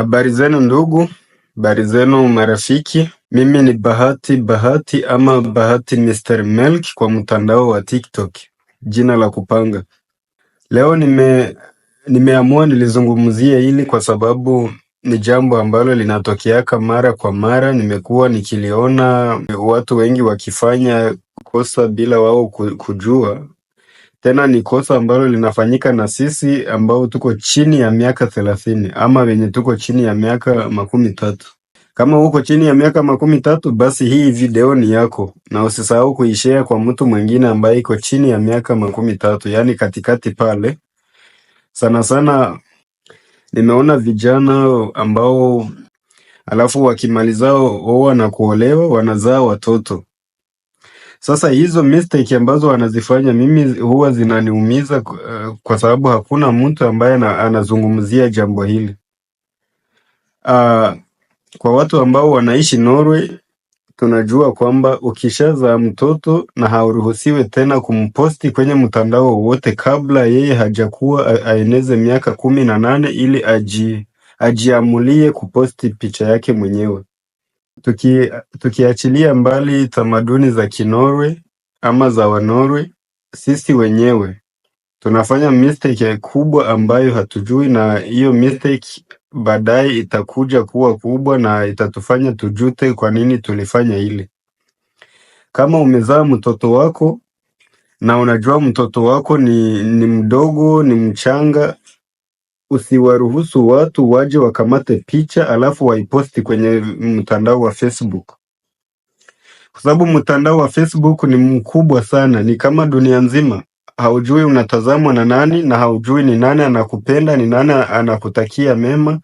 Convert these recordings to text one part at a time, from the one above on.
Habari zenu ndugu, habari zenu marafiki. Mimi ni Bahati Bahati ama Bahati Mr Milk kwa mtandao wa TikTok, jina la kupanga. Leo nime nimeamua nilizungumzie hili kwa sababu ni jambo ambalo linatokeaka mara kwa mara. Nimekuwa nikiliona watu wengi wakifanya kosa bila wao kujua, tena ni kosa ambalo linafanyika na sisi ambao tuko chini ya miaka thelathini ama wenye tuko chini ya miaka makumi tatu. Kama uko chini ya miaka makumi tatu, basi hii video ni yako, na usisahau kuishare kwa mtu mwingine ambaye iko chini ya miaka makumi tatu, yaani katikati pale. Sana sana nimeona vijana ambao alafu wakimalizao oa na kuolewa wanazaa watoto sasa hizo mistake ambazo wanazifanya mimi huwa zinaniumiza uh, kwa sababu hakuna mtu ambaye anazungumzia jambo hili uh, kwa watu ambao wanaishi Norway tunajua kwamba ukishazaa mtoto na hauruhusiwi tena kumposti kwenye mtandao wowote kabla yeye hajakuwa aeneze miaka kumi na nane ili aji, ajiamulie kuposti picha yake mwenyewe tuki, tukiachilia mbali tamaduni za Kinorwe ama za Wanorwe, sisi wenyewe tunafanya mistake kubwa ambayo hatujui, na hiyo mistake baadaye itakuja kuwa kubwa na itatufanya tujute kwa nini tulifanya ile. Kama umezaa mtoto wako na unajua mtoto wako ni, ni mdogo, ni mchanga usiwaruhusu watu waje wakamate picha alafu waiposti kwenye mtandao wa Facebook, kwa sababu mtandao wa Facebook ni mkubwa sana, ni kama dunia nzima. Haujui unatazamwa na nani, na haujui ni nani anakupenda, ni nani anakutakia mema,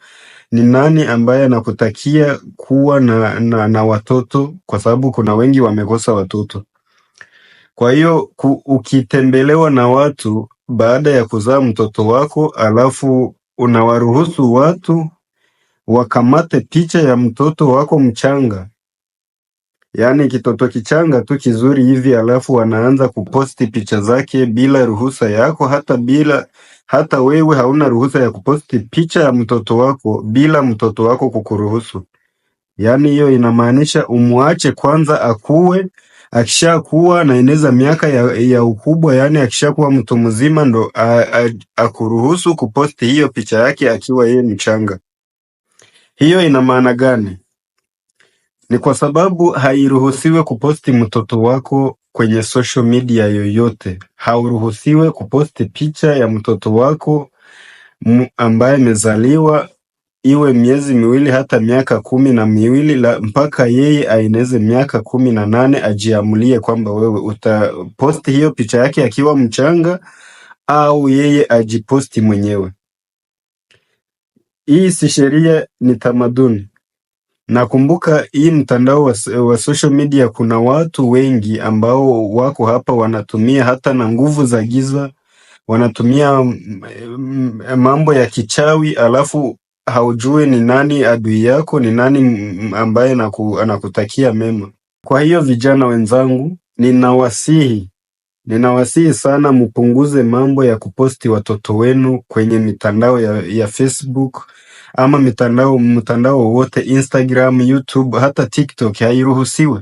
ni nani ambaye anakutakia kuwa na, na, na watoto, kwa sababu kuna wengi wamekosa watoto. Kwa hiyo ukitembelewa na watu baada ya kuzaa mtoto wako alafu unawaruhusu watu wakamate picha ya mtoto wako mchanga, yaani kitoto kichanga tu kizuri hivi, alafu wanaanza kuposti picha zake bila ruhusa yako, hata bila hata wewe hauna ruhusa ya kuposti picha ya mtoto wako bila mtoto wako kukuruhusu. Yaani hiyo inamaanisha umwache kwanza akuwe akishakuwa naeneza miaka ya, ya ukubwa yani akishakuwa mtu mzima ndo akuruhusu kuposti hiyo picha yake akiwa yeye mchanga. Hiyo ina maana gani? Ni kwa sababu hairuhusiwe kuposti mtoto wako kwenye social media yoyote. Hauruhusiwe kuposti picha ya mtoto wako ambaye amezaliwa iwe miezi miwili hata miaka kumi na miwili la, mpaka yeye aeneze miaka kumi na nane ajiamulie kwamba wewe utaposti hiyo picha yake akiwa mchanga au yeye ajiposti mwenyewe. Hii si sheria, ni tamaduni. Nakumbuka hii mtandao wa, wa social media, kuna watu wengi ambao wako hapa wanatumia hata na nguvu za giza, wanatumia mambo ya kichawi, alafu haujui ni nani adui yako, ni nani ambaye naku, anakutakia mema. Kwa hiyo vijana wenzangu, ninawasihi ninawasihi sana mpunguze mambo ya kuposti watoto wenu kwenye mitandao ya, ya Facebook ama mitandao mtandao wowote Instagram, YouTube, hata TikTok hairuhusiwe,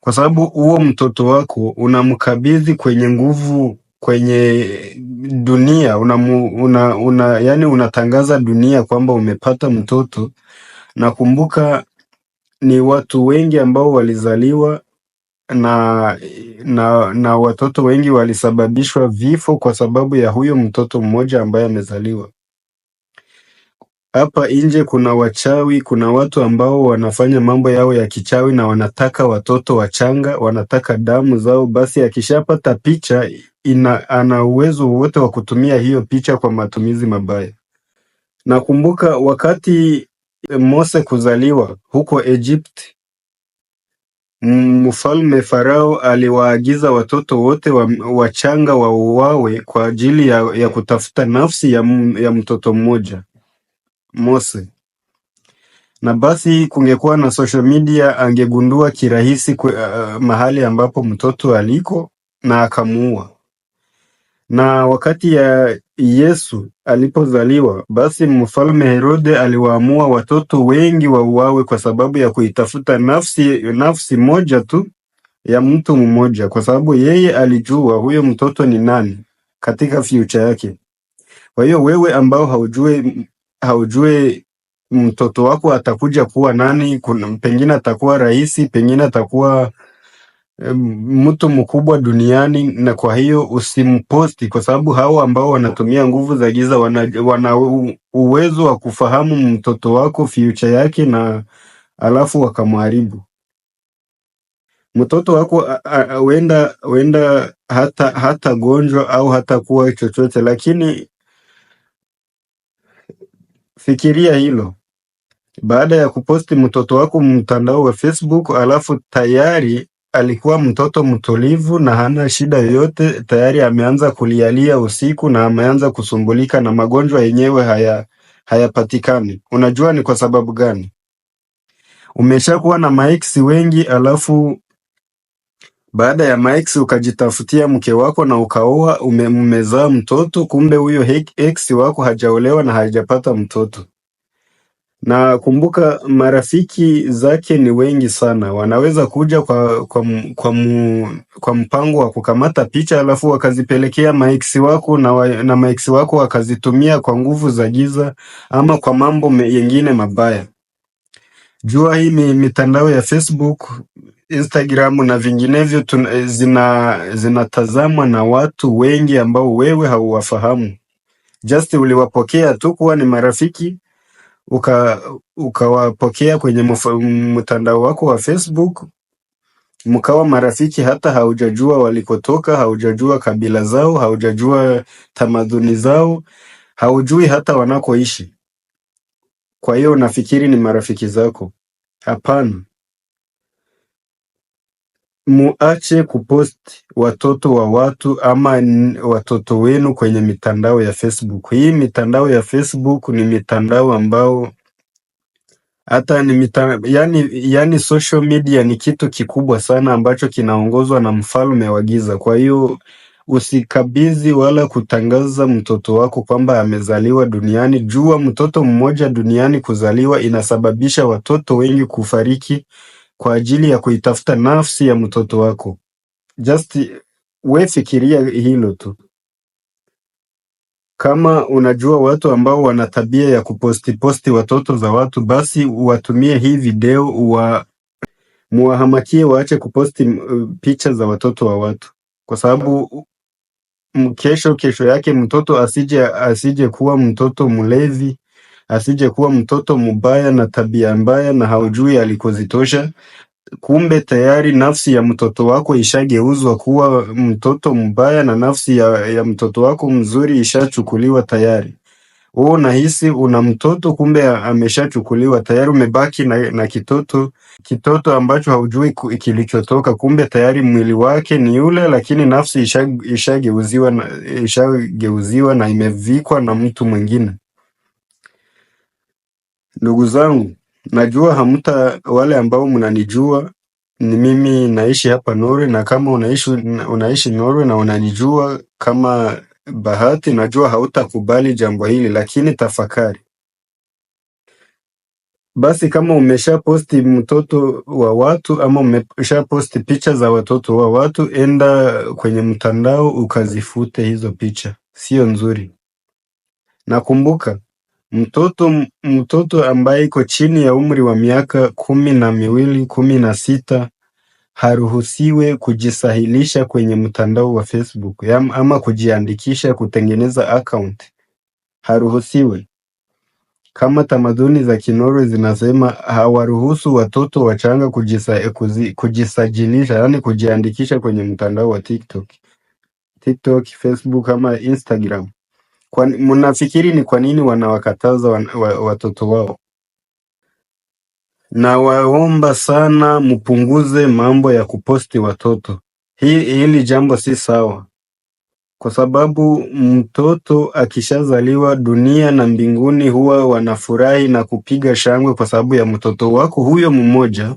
kwa sababu huo mtoto wako unamkabidhi kwenye nguvu kwenye dunia una, una, una, yani unatangaza dunia kwamba umepata mtoto. Nakumbuka ni watu wengi ambao walizaliwa na, na, na watoto wengi walisababishwa vifo kwa sababu ya huyo mtoto mmoja ambaye amezaliwa. Hapa nje kuna wachawi, kuna watu ambao wanafanya mambo yao ya kichawi na wanataka watoto wachanga, wanataka damu zao. Basi akishapata picha ina, ana uwezo wote wa kutumia hiyo picha kwa matumizi mabaya. Nakumbuka wakati Mose kuzaliwa huko Egypt, mfalme Farao aliwaagiza watoto wote wachanga wa, wauawe kwa ajili ya, ya kutafuta nafsi ya, ya mtoto mmoja Mose na basi kungekuwa na social media, angegundua kirahisi kwe, uh, mahali ambapo mtoto aliko na akamuua. Na wakati ya Yesu alipozaliwa, basi mfalme Herode aliwaamua watoto wengi wauawe kwa sababu ya kuitafuta nafsi, nafsi moja tu ya mtu mmoja, kwa sababu yeye alijua huyo mtoto ni nani katika future yake. Kwa hiyo wewe ambao haujui haujue mtoto wako atakuja kuwa nani. Kuna pengine atakuwa rais, pengine atakuwa mtu mkubwa duniani, na kwa hiyo usimposti, kwa sababu hao ambao wanatumia nguvu za giza wana, wana uwezo wa kufahamu mtoto wako future yake, na alafu wakamharibu mtoto wako huenda hata hata gonjwa au hata kuwa chochote, lakini Fikiria hilo baada ya kuposti mtoto wako mtandao wa Facebook, alafu tayari alikuwa mtoto mtulivu na hana shida yoyote, tayari ameanza kulialia usiku na ameanza kusumbulika na magonjwa yenyewe haya hayapatikani. Unajua ni kwa sababu gani? Umeshakuwa na maiksi wengi, alafu baada ya Mike ukajitafutia mke wako na ukaoa, umemzaa mtoto, kumbe huyo ex wako hajaolewa na hajapata mtoto. Na kumbuka marafiki zake ni wengi sana, wanaweza kuja kwa, kwa, kwa, mu, kwa mpango wa kukamata picha alafu wakazipelekea maiksi wako na, wa, na maiksi wako wakazitumia kwa nguvu za giza ama kwa mambo yengine mabaya. Jua hii mitandao ya Facebook Instagram na vinginevyo eh, zina zinatazamwa na watu wengi ambao wewe hauwafahamu, just uliwapokea tu kuwa ni marafiki ukawapokea uka kwenye mtandao wako wa Facebook mkawa marafiki, hata haujajua walikotoka, haujajua kabila zao, haujajua tamaduni zao, haujui hata wanakoishi. Kwa hiyo unafikiri ni marafiki zako, hapana. Muache kupost watoto wa watu ama watoto wenu kwenye mitandao ya Facebook. Hii mitandao ya Facebook ni mitandao ambao hata ni mita, yani, yani social media ni kitu kikubwa sana ambacho kinaongozwa na mfalme wa giza. Kwa hiyo usikabidhi wala kutangaza mtoto wako kwamba amezaliwa duniani. Jua mtoto mmoja duniani kuzaliwa inasababisha watoto wengi kufariki kwa ajili ya kuitafuta nafsi ya mtoto wako. Just we fikiria hilo tu. Kama unajua watu ambao wana tabia ya kupostiposti watoto za watu, basi watumie hii video wa muwahamakie waache kuposti picha za watoto wa watu, kwa sababu mkesho kesho yake mtoto asije asije kuwa mtoto mlevi asije kuwa mtoto mubaya na tabia mbaya na haujui alikozitosha. Kumbe tayari nafsi ya mtoto wako ishageuzwa kuwa mtoto mbaya na nafsi ya, ya mtoto wako mzuri ishachukuliwa tayari. Wewe unahisi una mtoto, kumbe ameshachukuliwa tayari. Umebaki na, na kitoto kitoto ambacho haujui kilichotoka, kumbe tayari mwili wake ni yule, lakini nafsi ishageuziwa isha na, isha na imevikwa na mtu mwingine. Ndugu zangu, najua hamta, wale ambao mnanijua ni mimi naishi hapa Norway, na kama unaishi unaishi Norway na unanijua kama Bahati, najua hautakubali jambo hili, lakini tafakari basi, kama umesha posti mtoto wa watu ama umesha posti picha za watoto wa watu, enda kwenye mtandao ukazifute hizo picha, sio nzuri. Nakumbuka Mtoto ambaye iko chini ya umri wa miaka kumi na miwili, kumi na sita haruhusiwe kujisahilisha kwenye mtandao wa Facebook ama kujiandikisha kutengeneza account haruhusiwe Kama tamaduni za Kinorwe zinasema hawaruhusu watoto wachanga kujisa, kujisajilisha yani kujiandikisha kwenye mtandao wa TikTok, TikTok, Facebook ama Instagram. Kwa, mnafikiri ni kwa nini wanawakataza watoto wa, watoto wao? Nawaomba sana mpunguze mambo ya kuposti watoto. Hii hili jambo si sawa, kwa sababu mtoto akishazaliwa dunia na mbinguni huwa wanafurahi na kupiga shangwe kwa sababu ya mtoto wako huyo mmoja,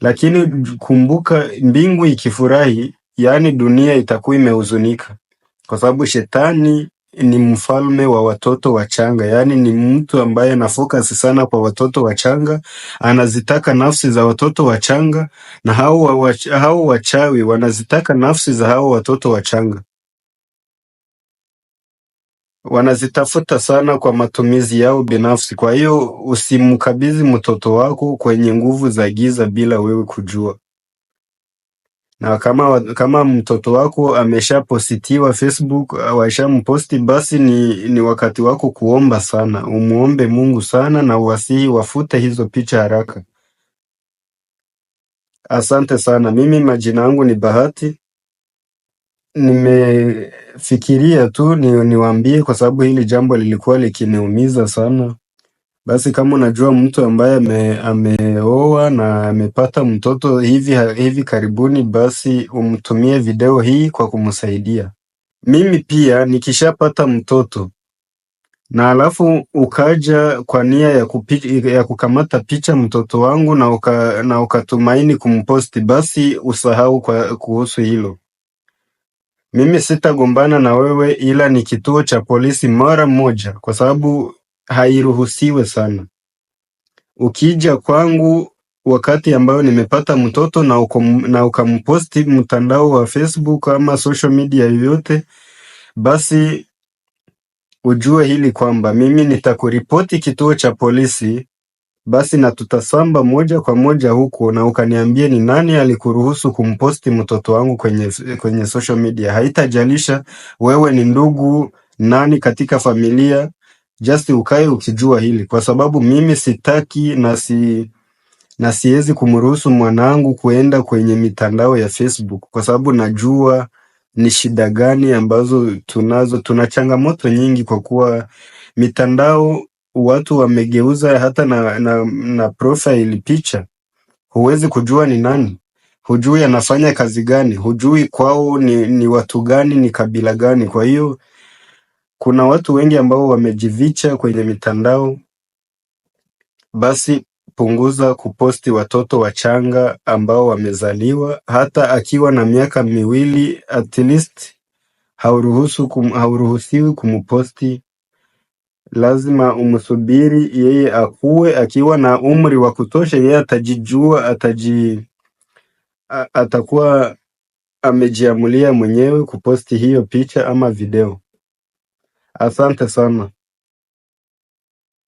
lakini kumbuka, mbingu ikifurahi, yaani dunia itakuwa imehuzunika, kwa sababu shetani ni mfalme wa watoto wachanga, yaani ni mtu ambaye ana focus sana kwa watoto wachanga, anazitaka nafsi za watoto wachanga, na hao wa- hao wachawi wanazitaka nafsi za hao watoto wachanga, wanazitafuta sana kwa matumizi yao binafsi. Kwa hiyo usimkabidhi mtoto wako kwenye nguvu za giza bila wewe kujua na kama, kama mtoto wako ameshapositiwa Facebook mposti basi ni, ni wakati wako kuomba sana, umuombe Mungu sana na uwasihi wafute hizo picha haraka. Asante sana. Mimi majina yangu ni Bahati, nimefikiria tu ni, niwaambie kwa sababu hili jambo lilikuwa likiniumiza sana basi kama unajua mtu ambaye ame, ameoa na amepata mtoto hivi hivi karibuni, basi umtumie video hii kwa kumsaidia. Mimi pia nikishapata mtoto na alafu ukaja kwa nia ya, ya kukamata picha mtoto wangu na, uka, na ukatumaini kumposti, basi usahau kwa, kuhusu hilo. Mimi sitagombana na wewe, ila ni kituo cha polisi mara moja, kwa sababu hairuhusiwe sana. Ukija kwangu wakati ambayo nimepata mtoto na, ukom, na ukamposti mtandao wa Facebook ama social media yoyote, basi ujue hili kwamba mimi nitakuripoti kituo cha polisi, basi na tutasamba moja kwa moja huko, na ukaniambie ni nani alikuruhusu kumposti mtoto wangu kwenye, kwenye social media. Haitajalisha wewe ni ndugu nani katika familia just ukae ukijua hili, kwa sababu mimi sitaki na si na siwezi kumruhusu mwanangu kuenda kwenye mitandao ya Facebook kwa sababu najua ni shida gani ambazo tunazo. Tuna changamoto nyingi kwa kuwa mitandao watu wamegeuza hata na, na, na profile picha, huwezi kujua ni nani, hujui anafanya kazi gani, hujui kwao ni, ni watu gani, ni kabila gani. Kwa hiyo kuna watu wengi ambao wamejivicha kwenye mitandao, basi punguza kuposti watoto wachanga ambao wamezaliwa. Hata akiwa na miaka miwili at least hauruhusu kum, hauruhusiwi kumposti. Lazima umsubiri yeye akuwe Akiwa na umri wa kutosha, yeye atajijua, ataji atakuwa amejiamulia mwenyewe kuposti hiyo picha ama video. Asante sana.